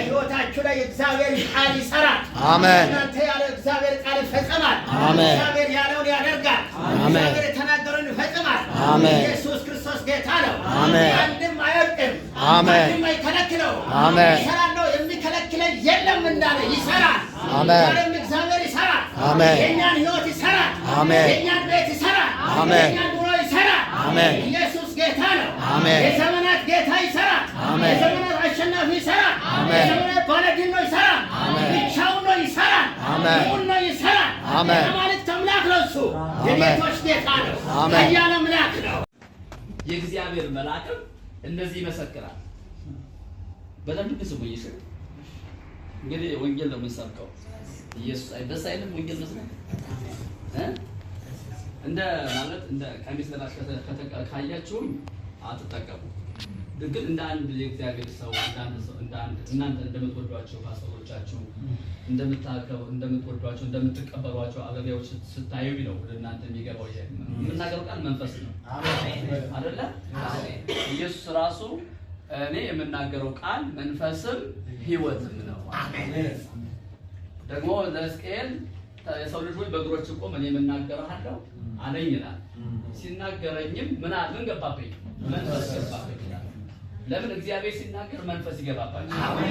ህይወታችሁ ላይ እግዚአብሔር ቃል ይሰራል። እናንተ ያለ እግዚአብሔር ቃል ይፈጸማል። እግዚአብሔር ያለውን ያደርጋል። እግዚአብሔር የተናገረውን ይፈጽማል። ኢየሱስ ክርስቶስ ጌታ ነው። አንድም አይወድቅም፣ አንድም አይከለክለው። ይሰራል ነው የሚከለክለን የለም እንዳለ ይሰራል። ዛሬም እግዚአብሔር ይሰራል። የእኛን ህይወት ይሰራል። የእኛን ቤት ይሰራል። የእኛን ኑሮ ይሰራል። ኢየሱስ ጌታ ነው። የዘመን አሜን ነው ይሰራል። አሜን ማለት አምላክ ነው። እሱ የቤቶች ጌታ ነው። ኃያል አምላክ ነው። የእግዚአብሔር መልአክም እንደዚህ ይመሰክራል። በደንብ ትስሙኝ። እሺ እንግዲህ ወንጌል ነው የምንሰብከው። ኢየሱስ አይደስ አይልም ወንጌል ነው እ እንደ ማለት እንደ ቀሚስ ለባሽ ካያችሁም አትጠቀሙ። ግን እንደ አንድ የእግዚአብሔር ሰው እንደ አንድ ሰው እንደ አንድ እናንተ እንደምትወዷቸው ፓስተሮቻችሁ እንደምትወዷቸው እንደምትቀበሏቸው አበቢያዎች ስታዩ ነው ወደ እናንተ የሚገባው። ይሄ ቃል መንፈስ ነው አይደለ? ኢየሱስ ራሱ እኔ የምናገረው ቃል መንፈስም ህይወትም ነው። ደግሞ ለሕዝቅኤል የሰው ልጅ ሆይ በእግሮች ቆም እኔ የምናገርሃለሁ አለኝ ይላል። ሲናገረኝም ምን ምን ገባብኝ? መንፈስ ገባብኝ ይላል። ለምን? እግዚአብሔር ሲናገር መንፈስ ይገባባቸው።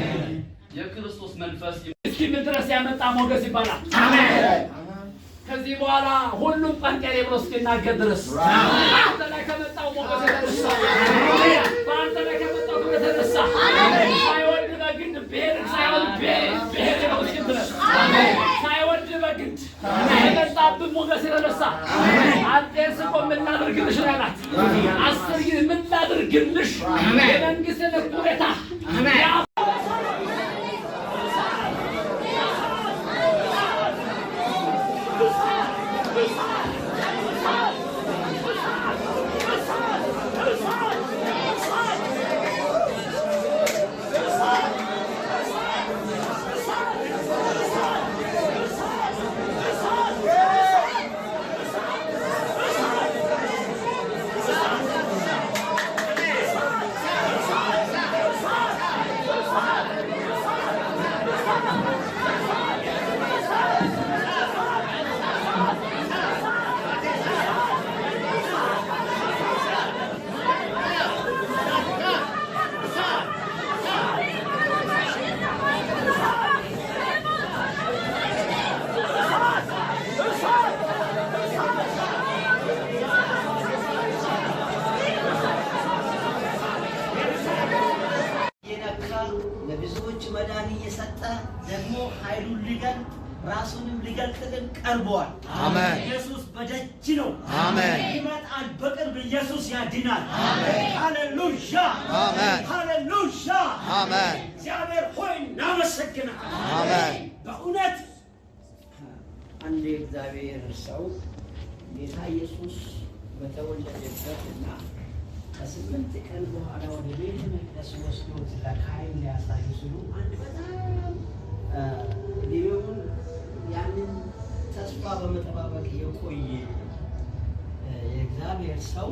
የክርስቶስ መንፈስ እስኪምል ድረስ ያመጣ ሞገስ ይባላል። ከዚህ በኋላ ሁሉም ጳንጤሬ ብሎ እስኪናገር ድረስ በአንተ ላይ ከመጣው ሞገስ የተነሳ በአንተ ሳይወድ በግድ ብሔር ሳይሆን ብሔር ነው እስኪል ድረስ ሳይወድ በግድ የመጣብህ ሞገስ የተነሳ አንቴን ስቆ የምናደርግልሽ ናት አስር ምን ላድርግልሽ የመንግስትን እኩሌታ Peace. ለሰዎች መዳን እየሰጠ ደግሞ ኃይሉን ሊገልጥ ራሱንም ሊገልጥልን ቀርበዋል። አሜን። ኢየሱስ በደጅ ነው። አሜን። ይመጣል በቅርብ ኢየሱስ ያድናል። አሜን። ሃሌሉያ። አሜን። ሃሌሉያ። አሜን። እግዚአብሔር ሆይ እናመሰግናለን። አሜን። በእውነት አንድ የእግዚአብሔር ሰው ጌታ ኢየሱስ በተወለደበት እና ከስምንት ቀን በኋላ ወደ ቤተ መቅደስ ሲሉ አንድ ያንን ተስፋ በመጠባበቅ የቆየ የእግዚአብሔር ሰው